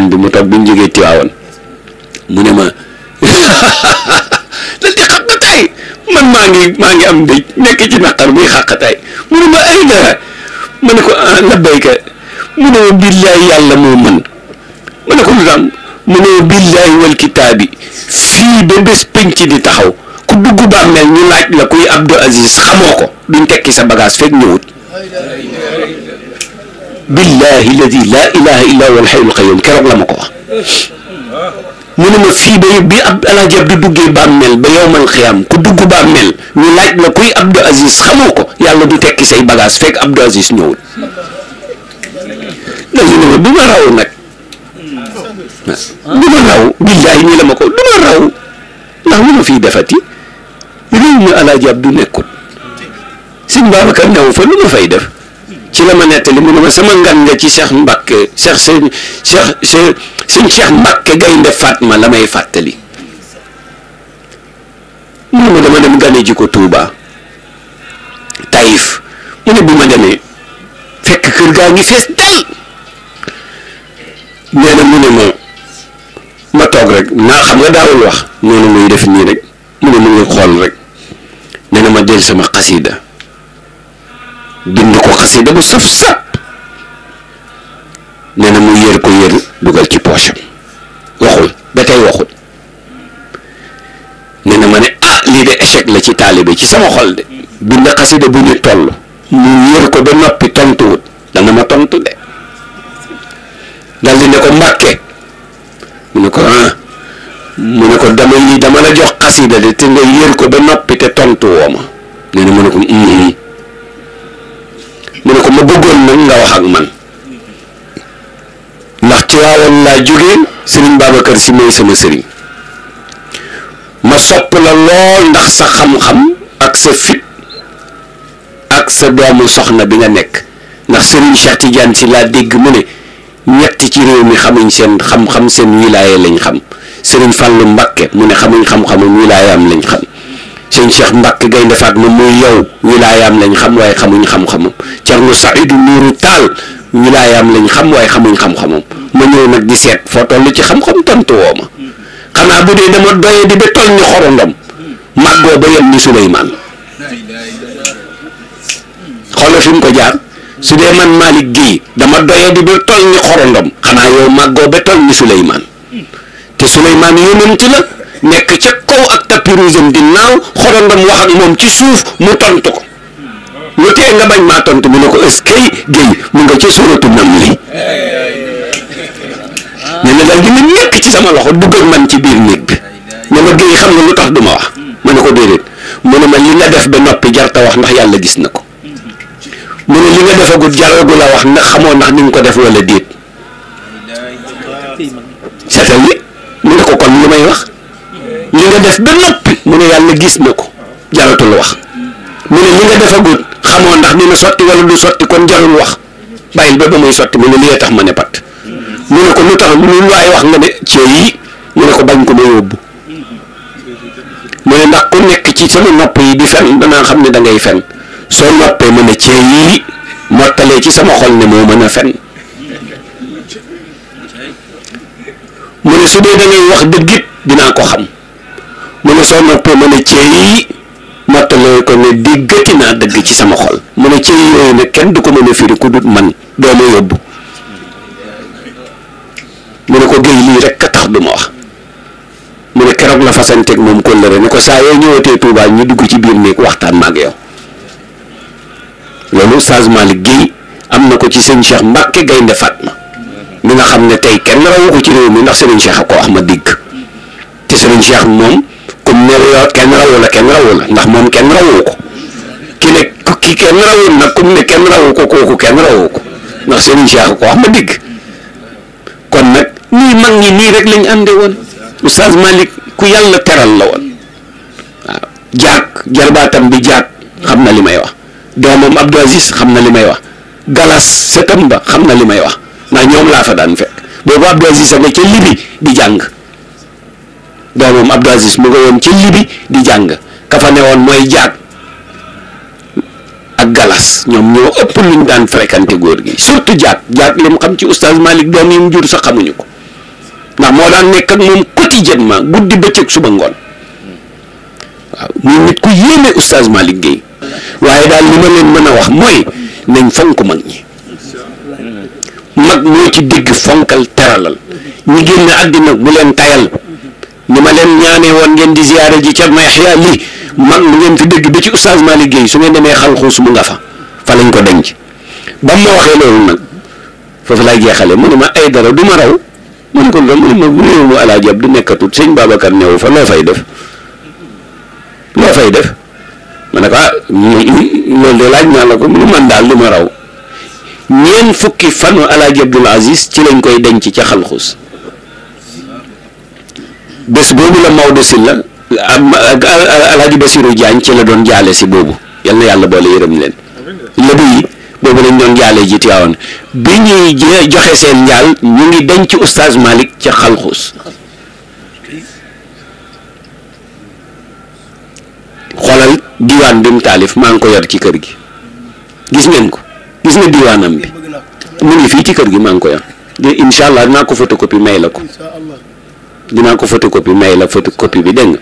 añ bi mu toog bi mu jógee Tiwaawan mu ne ma dal di xaqataay man maa ngi maa ngi am dëj nekk ci naqar muy xaqataay mu ne ma ay dara ma ne ko ah labbayka mu ne ma billaay yàlla moo mën ma ne ko lu tax mu ne ma billaay wal kitaabi fii ba bés penc di taxaw ku dugg bàmmeel ñu laaj la kuy Abdou Aziz xamoo ko duñ tekki sa bagage fekk ñëwut billahi alladi laa ilaha illa huwa alxayyul qayyum la ma ko mu ne ma fii ba bi ab alaaji Abdu duggee bàmmeel ba yowmal xiyaam ku dugg bàmmeel ñu laaj la kuy Abdou Aziz xamoo ko yàlla du tekki say bagage fekk Abdou Aziz ñëwul dañu ne ma du ma du ma raw billahi la ma du ma raw ndax lu ma defati réew mi alaaji Abdu nekkul sëñ Babacar newu fa lu ma fay def ci la ma nettali mu ne ma sama ngan nga ci Cheikh Mbacke Cheikh sëñ Cheikh sëñ Cheikh Mbacke gaynde Fatma la may fàttali mu ne ma dama dem gane ji ko Touba Taïf mu ne ma demee fekk kër gaa ngi fees del nee na mu ne ma ma toog rek naa xam nga daawul wax noonu muy def nii rek mu ne mu ngi xool rek nee na ma del sama xasida bind ko xasida bu saf sap nee na mu yër ko yër dugal ci poosam waxul ba tey waxul nee ma ne ah lii de échec la ci taalibe ci sama xol de bind xasida bu ñu toll mu yër ko ba noppi tontuwut dana ma tontu de dal di ne ko mbàkke mu ne ko ah mu ne ko dama lii dama la jox xasida de te nga yër ko ba noppi te tontu woo ma nee na mu ne ko mm-hmm. mu ne ko ma bëggoon nag nga wax ak man ndax Tiwaawan laa jóge sëriñ Babacar Si mooy sama sëriñ ma sopp la lool ndax sa xam-xam ak sa fit ak sa doomu soxna bi nga nekk ndax sëriñ Cheikh Tidiane Si laa dégg mu ne ñetti ci réew mi xamuñ seen xam-xam seen wilaaye lañ xam sëriñ Fàllu Mbàkke mu ne xamuñ xam-xamam wilaayaam lañ xam sëñ Cheikh Mbacke Gaynde Fatma muy yow wilaayaam lañ xam waaye xamuñ xam-xamam Thierno Saïdou Nourou Tall wilaayaam lañ xam waaye xamuñ xam-xamam ma ñëw nag di seet foo toll ci xam-xam tontu ma xanaa bu dee dama doyee di ba toll ni xorondom màggoo ba yem ni Souleymane xoolal fi ko jaar su dee man Malick Guèye dama doyee di ba toll ni xorondom xanaa yow màggoo ba toll ni Souleymane te Souleymane yonent la nekk ca kaw tapis rouge am di naaw xorondam wax ak moom ci suuf mu tontu ko lu tee nga bañ maa tontu mu ne ko ëskay géy mu nga ci suratu nam li ne na daal dina nekk ci sama loxo dugg ak man ci biir néeg bi ne ma géy xam nga lu tax du ma wax ma ne ko déedéet mu ne ma li def ba noppi jarta wax ndax yàlla gis na ko mu ne li nga defagul jaragu la wax ndax xamoo ndax ni nga ko def wala déet seetal li mu ne ko kon lu may wax def ba noppi mu ne yàlla gis na ko jaratul wax mu ne li nga defagul xamoo ndax dina sotti wala du sotti kon jarul wax bàyyil ba ba muy sotti mu ne tax ma ne pat mu ne ko lu tax lu waay wax nga ne yi ko bañ ko ma yóbbu mu ne ndax ku nekk ci sama napp yi di fen danaa xam ne da ngay fen soo noppee mën a cee yii mottalee ci sama xol ne moo mën a fen mu ne su dee da ngay wax dëggit dinaa ko xam mu ne soo noppee mu ne ceey mottalee ko ne diggati naa dëgg ci sama xol mu ne ceey yooyu ne kenn du ko mën a firi ku dut man dooma yóbbu mu ne ko géy lii rek a tax du wax mu ne keroog la fasanteeg moom kóllëre ne ko saa yoo ñëwatee Touba ñu dugg ci biir néeg waxtaan maag yow loolu Sage Malick Guèye am na ko ci seen Cheikh Mbacke Gaynde Fatma mi nga xam ne tey kenn rawu ko ci réew mi ndax sëriñ Cheikh a ko wax ma dégg te sëriñ Cheikh moom que ne kenn rawu la kenn rawu la ndax moom kenn rawu ko ki ne ki kenn rawu nag comme ne kenn rawu ko kooku kenn rawu ko ndax Serigne Cheikh ko wax ma dégg kon nag nii nii rek lañ ànde woon Oustaz Malick ku yàlla teral la woon bi jaak xam na li may wax doomam Abdou Aziz xam na li may wax galas setam ba xam na li may wax ndax ñoom laa fa daan fekk boobu Abdou Aziz a nga ca libi di jàng doomam Abdou Aziz mu nga woon ci libi di jàng kafane woon mooy jaag ak galas ñoom ñoo ëpp luñ daan fréquenté góor gi surtout jaag jaag li mu xam ci oustaz Malick doom yi mu jur sax ko ndax moo daan nekk ak moom quotidiennement guddi bëccëg suba ngoon waaw nit ku yéeme oustaz Malick Guèye waaye daal li ma leen mën a wax mooy nañ fonk mag ñi mag moo ci dégg fonkal teralal ñi génn àddina bu leen tayal ni ma leen ñaanee woon ngeen di ziyaare ji Thierno Yaxya lii man lu ngeen fi dégg ba ci oustaz Malick Guèye su ngeen demee xalxuus mu nga fa fa lañ ko denc ba mu ma waxee loolu nag foofu laay jeexale mu ne ma ay dara du ma raw mu ne ko loolu ne ma fa loo fay def loo fay def ma ne ko ah loolu de laaj naa la ko mu ne man daal du ma raw ñeen fukki fanu alaaji Abdul Aziz ci lañ koy denc ca xalxuus bés boobu la Maodo Sylla am ak Alhaji Basirou Diagne ci la doon jaale si boobu yal na yàlla boole yërëm leen lébu yi boobu lañ doon jaale ji Tiwaawan bi ñuy joxe seen njaal ñu ngi denc oustaz Malick ca xalxuus xoolal diwaan bi mu taalif maa ngi ko yor ci kër gi gis ngeen ko gis nga diwaanam bi mu ngi fii ci kër gi maa ngi ko yor incha allah naa ko photocopie may la ko. dinaa ko photocopie may la photocopie bi dégg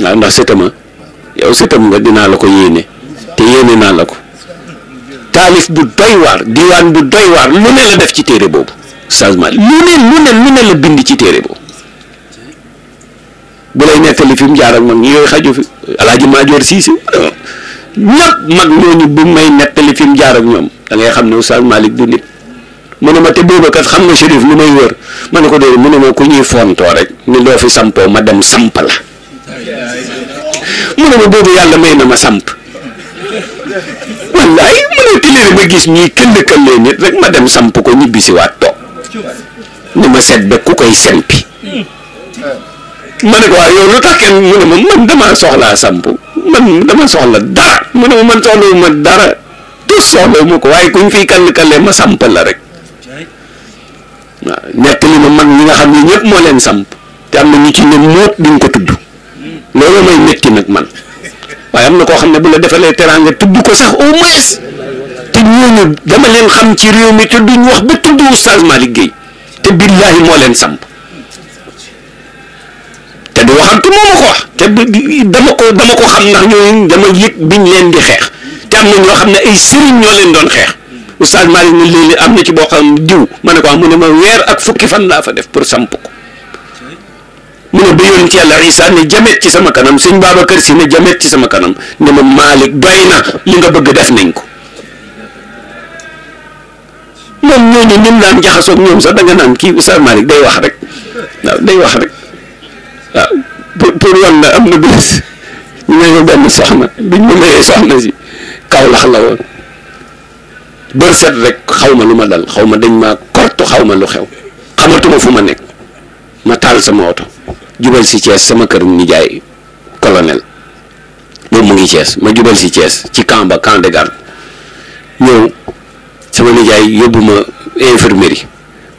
nga ndax sëtama yow sëtam nga dinaa la ko yéene te yéene naa la ko taalif bu doy waar diwaan bu doy waar lu ne la def ci téere boobu changement lu ne lu ne lu ne la bind ci téere boobu bu lay nettali fi mu jaar ak mag ñi yooyu xaju fi alaaji maajoor siisi ñëpp mag ñooñu bu may nettali fi mu jaar ak ñoom da ngay xam ne Oustaz Malick du nit mu ne ma te booba kat xam na shérif lu may wër man ko dee mu ne ma ku ñuy fontoo rek ni doo fi sampoo ma dem samp la mu ne ma boobu yàlla may na ma samp wallaay mu ne tileere ma gis ñuy këll këllee nit rek ma dem samp ko ñibbisi waat toog ni ma sedd ku koy sempi ma ne ko waaw lu tax kenn mu ne ma man damaa soxlaa samp man dama soxla dara mu ne ma man soxlawu ma dara tus soxlawu ma ko waaye kuñ fii kal këllee ma samp la rek waaw nettali ma man ñi nga xam ne ñëpp moo leen samp te am na ñu ci ne moot duñ ko tudd loolu may métti nag man waaye am na koo xam ne bu la defalee teraanga tudd ko sax au moins te ñooñu dama leen xam ci réew mi te duñ wax ba tudd Oustaz Malick Guèye te billaahi moo leen samp te du waxantu moo ma ko wax te dama ko dama ko xam ndax ñooñu dama yëg biñ leen di xeex te am na ñoo xam ne ay sëriñ ñoo leen doon xeex. oustaz Malick ne léeg-léeg am na ci boo xam diw ma ne ko am ah, mu ne ma weer ak fukki fan laa fa def pour samp ko mu ne ba yoon ci yàlla Isa ne jamet ci sama kanam sëñ kër Si ne jameet ci sama kanam ne ma Malick doy na li nga bëgg def nañ ko moom ñooñu ñun daan jaxasoog ñoom sax da naan kii oustaz Malick day wax rek waaw wax rek waaw pour wan la am na bés ñu may ma benn soxna biñ ma mayee soxna si kaw lax la woon. bër set rek xaw ma lu ma dal xaw ma dañ ma kortu xaw ma lu xew xamatuma fu ma nekk ma taal sama oto jubal si Thiès sama kër nijaay colonel moom mu ngi Thiès ma jubal si Thiès ci camp ba camp de garde ñëw sama nijaay yóbbu ma infirmerie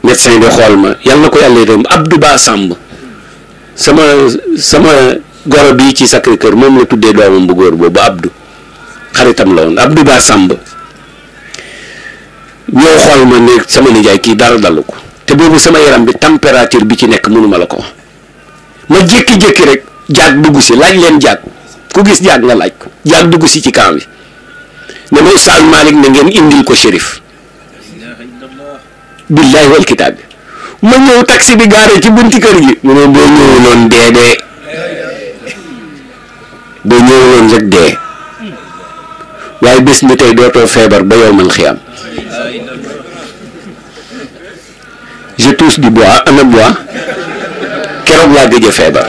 médecin bi xool ma yàlla na ko yàlla yërëm Abdou Ba Samb sama sama goro bii ci Sacré kër moom la tuddee doomam bu góor boobu Abdou xaritam la woon Abdou Ba Samb ñoo xool ma ne sama nijaay kii dara dalu ko te boobu sama yaram bi température bi ci nekk mënuma la ko ma jékki-jékki rek jaag dugg si laaj leen jaag ku gis jaag nga laaj ko jaag dugg si ci camp bi ne ma Oustaz Malick na ngeen indil ko shérif billaahi wal kitaab bi ma ñëw taxi bi gaare ci bunti kër gi mu ne boo ñëwuloon dee dee boo ñëwuloon rek dee waaye bés ni tey dootoo feebar ba yow man je touche du bois ana bois keroog laa gëj a feebar.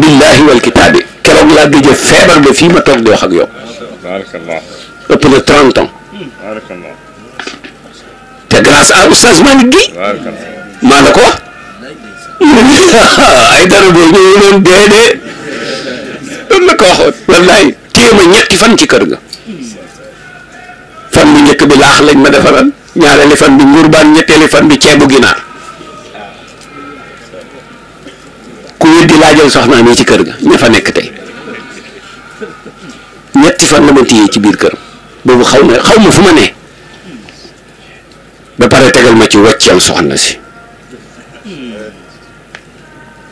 billaahi wal keroog laa gëj a feebar ba fii ma toog di wax ak yow. ëpp na ans. te grâce à oustaz Malick Guèye. maa la ko wax. ay dara boo ñëwee noonu dee dee. loolu ko waxoon. wallaay ma ñetti fan ci kër ga. fan bu njëkk bi laax lañ ma defaral. ñaareeli fan bi ngurbaan ñetteeli fan bi ceebu ginaar ku weddi laajal soxnaa mi ci kër ga ña fa nekk tey ñetti fan la ma téye ci biir kër boobu xaw ma xaw ma fu ma ne ba pare tegal ma ci wàcceel soxna si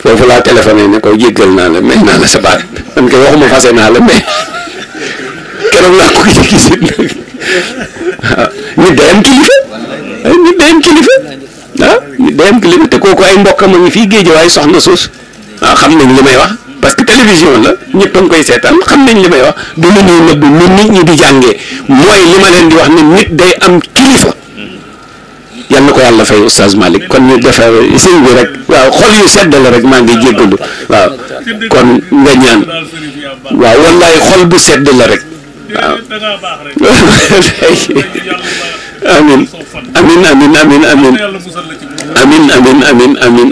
foofu laa téléphoné ne ko jéggal naa la may naa la sa baat man kay waxuma fase naa la mais keroog laa ko gis-gis it nit day am kilifa Eh, nit day am kilifa ah, nit day am kilifa te kooku ay mbokkam a ngi fii géej waaye soxna suus waaw ah, xam nañ li may wax parce que télévision la ñëpp a koy seetaan xam nañ li may wax du lu ñuy nëbb nit ñi di jàngee mooy li ma leen di wax ne nit day am kilifa yal na ko yàlla fay oustaz Malick kon ñu defar sëñ bi rek waaw xol yu sedd la rek maa ngi jéggalu waaw kon nga ñaan waaw wallaay xol bu sedd la rek amin amin amin amin amin amin amin amin amin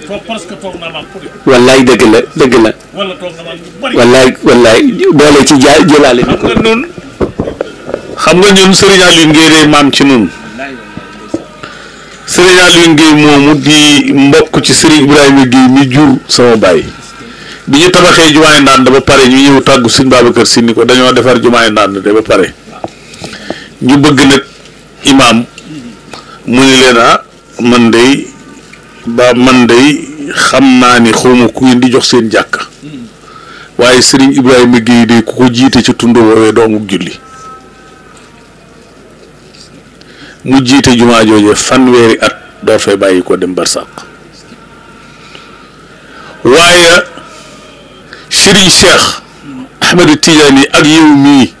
wallaay dëgg la dëgg la wallaay wallaay boole ci ja jëlaale na ko xam nga ñun Serigne Alioune Guèye day maam ci ñun Serigne Alioune Guèye moomu di mbokk ci Serigne Ibrahima Guèye mi jur sama baay bi ñu tabaxee jumaay ndaan da ba pare ñu ñëw tàggu Serigne Babacar Sy ni ko dañoo defar jumaay ndaan de pare ñu bëgg nag imaam mu ni leen ah man day ba man dey xam naa ni xawma ku ngeen di jox seen jàkk waaye sëriñ Ibrahima Guèye day ku ko jiite ci tund woowee doomu julli mu jiite jumaa jooje fanweeri at door fee bàyyi ko dem barsàq waaye sëriñ Cheikh Ahmed Tidiane ak yow mii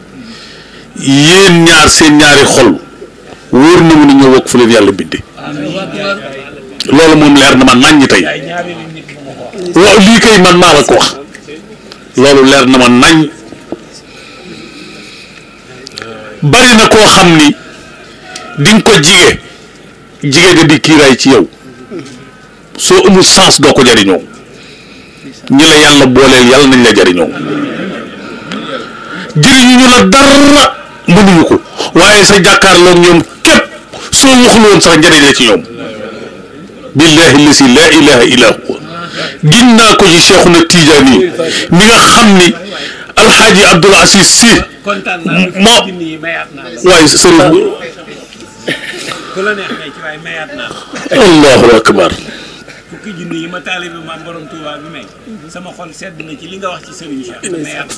yéen ñaar seen ñaari xol wóor na mu ne ñoo wokk fu leen yàlla bindee loolu moom leer na ma naññ tey waaw lii kay man maa la ko wax loolu leer na ma nañ bari na koo xam ni di ko jige jige ga di kiiraay ci yow soo amul sens doo ko jariñoo ñi la yàlla booleel yàlla nañ la jariñoo jëriñu ñu la dara mënuñu ko waaye sa jàkkaarloog ñoom képp soo waxul woon sax njëriñ la ci ñoom billaahi lasi laa ilaha illaa huwa gin naa ko ci Seexuna Tijaani mi nga xam ni alxaaji Abdul Asiis Si moo waaye sëriñ allahu akbar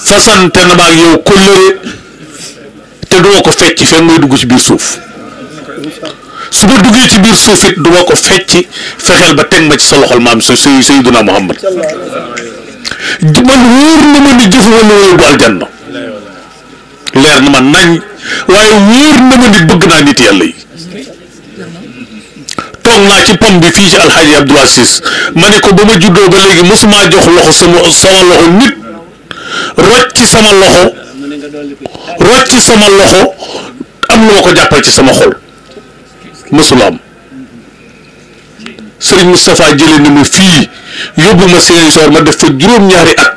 fasante na ma ak yow kóllëre duma ko fecc fekk may dugg ci biir suuf su ma duggee ci biir suuf it duma ko fecc fexeel ba teg ma ci sa loxol maam sa say Sayyiduna Muhammad man wóor na ma ni jëf wala wóor du ma nañ waaye wóor na ma ni bëgg naa nit yàlla yi toog naa ci pom bi fii ci alxaaji Abdul Aziz ma ne ko ba ma juddoo ba léegi mosuma jox loxo sama sama loxo nit rocc sama loxo rocc sama loxo am lu ma ko jàppal ci sama xol mësula am sëriñ Moustapha jëlee na ma fii yóbbu ma seen ma def fa juróom-ñaari at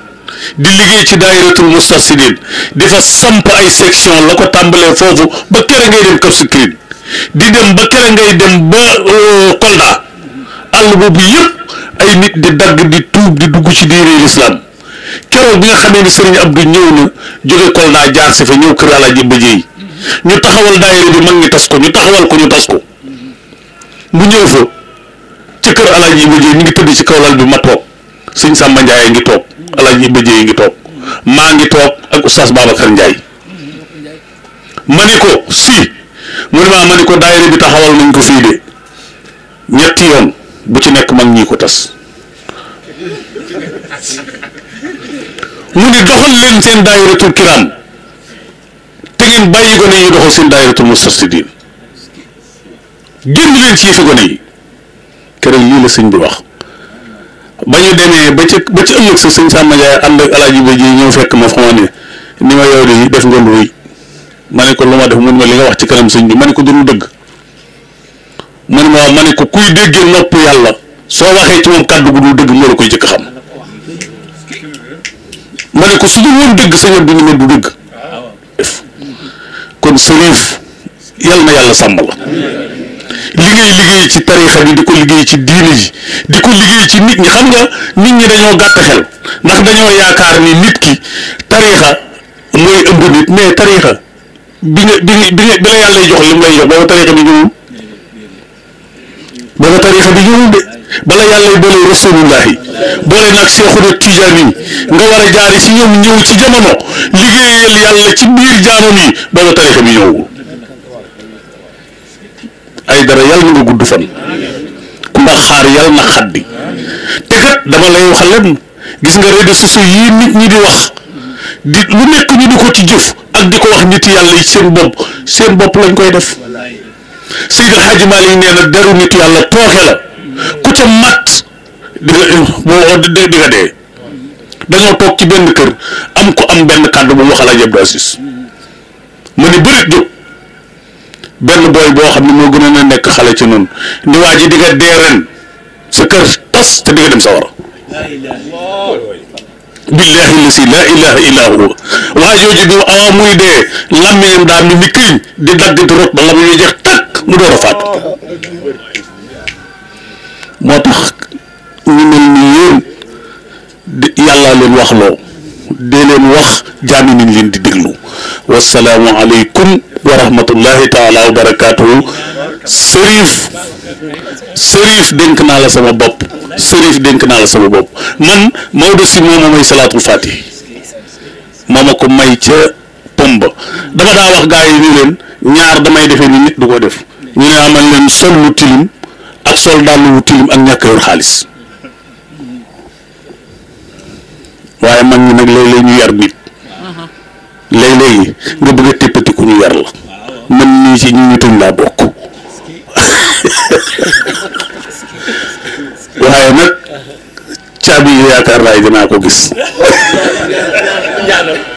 di liggéey ci daayiratul Moustarchidine di fa samp ay section la ko tàmbalee foofu ba kere ngay dem Cap di dem ba kere ngay dem ba euh, Kolda àll boobu yëpp ay nit di dagg di tuub di dugg ci diine l'islam keroog bi nga xamee ni Serigne Abdou ñëw na jóge Kolda jaar si fa ñëw kër Alaaji Bëje yi ñu taxawal daayira bi mag ñi tas ko ñu taxawal ko ñu tas ko mu ñëw fa ci kër Alaaji Bëje ñu ngi tëdd ci kaw lal bi ma toog sëñ Samba Ndiaye ngi toog Alaaji yi ngi toog maa ngi toog ak oustaz Babacar njaay ma ni ko si mu ne maa ma ni ko daayira bi taxawal nañ ko fii de ñetti yoon bu ci nekk mag ñi ko tas mu ne doxal leen seen daayiratul kiraan te ngeen bàyyi gone yi doxal seen daayiratul mustarsidin génn leen ci yëfi gone yi keroog lii la sëñ bi wax ba ñu demee ba ca ba ca ëllëg sa sëñ Samba Ndiaye ànd ak alaaji ba ji ñëw fekk ma xamaa ne ni ma yow def nga lu rëy ma ne ko lu ma def mu ne li nga wax ci kanam sëñ bi ma ne ko du dëgg mu ne ma ma ne ko kuy déggee nopp yàlla soo waxee ci moom kàddu gu dëgg moo la koy jëkk xam ma ne ko su ñu woon dëgg sa yoon bi ñu ne du dëgg kon sëriif yal na yàlla sàmm la li ngay liggéey ci tariixa bi di ko liggéey ci diini ji di ko liggéey ci nit ñi xam nga nit ñi dañoo gàtt xel ndax dañoo yaakaar ni nit ki tariixa mooy ëmb nit mais tariixa bi nga bi nga bi la yàlla jox li mu lay jox booba tariixa bi ñëwul booba tarixa bi ñëwul de bala yàlla boole rasulullahi boole nag seexuna tijaan yi nga war a jaari si ñoom ñëw ci jamono liggéeyal yàlla ci biir jaamam yi booba tarixa bi ñëwul ay dara yàlla na nga gudd fan ku ndax xaar yàlla na xaddi te kat dama lay waxal leen gis nga réseaux sociaux yii nit ñi di wax di lu nekk ñu di ko ci jëf ak di ko wax nit yàlla yi seen bopp seen bopp lañ koy def Seydil Hadji Malick nee na deru nit yàlla tooke la ku ca mat di nga dee dañoo toog ci benn kër am ko am benn kàddu bu mu wax Alaaji Abdou ni bërit jóg benn booy boo xam ne moo gën a nekk xale ci noonu ni waa di nga dee ren sa kër tas te di nga dem sa war billahi la si laa ilaha illa huwa waa jooju bi muy dee làmmiñam daa mi ni këñ di dagg di rot ba làmmiñ jeex mu door a faat moo tax ñu mel ni yéen yàllaa leen wax loo dee leen wax jaami nañ leen di déglu wasalaamu aleykum wa rahmatullahi taala wa barakaatuhu sërif naa la sama bopp sërif denk naa la sama bopp man Maodo si moom a may salaatul faati moo ma ko may ca pomba dama daa wax gaa yi nii leen ñaar damay defee ni nit du ko def ñu ne amal leen sol lu tilim ak sol dàll wu tilim ak ñàkk yor xaalis waaye mag ñi nag léeg-léeg ñu yar nit léeg-léeg nga bëgg a ku ñu yar la man nii ñu ñu tuñ laa bokk waaye nag caabi yaakaar naa dinaa ko gis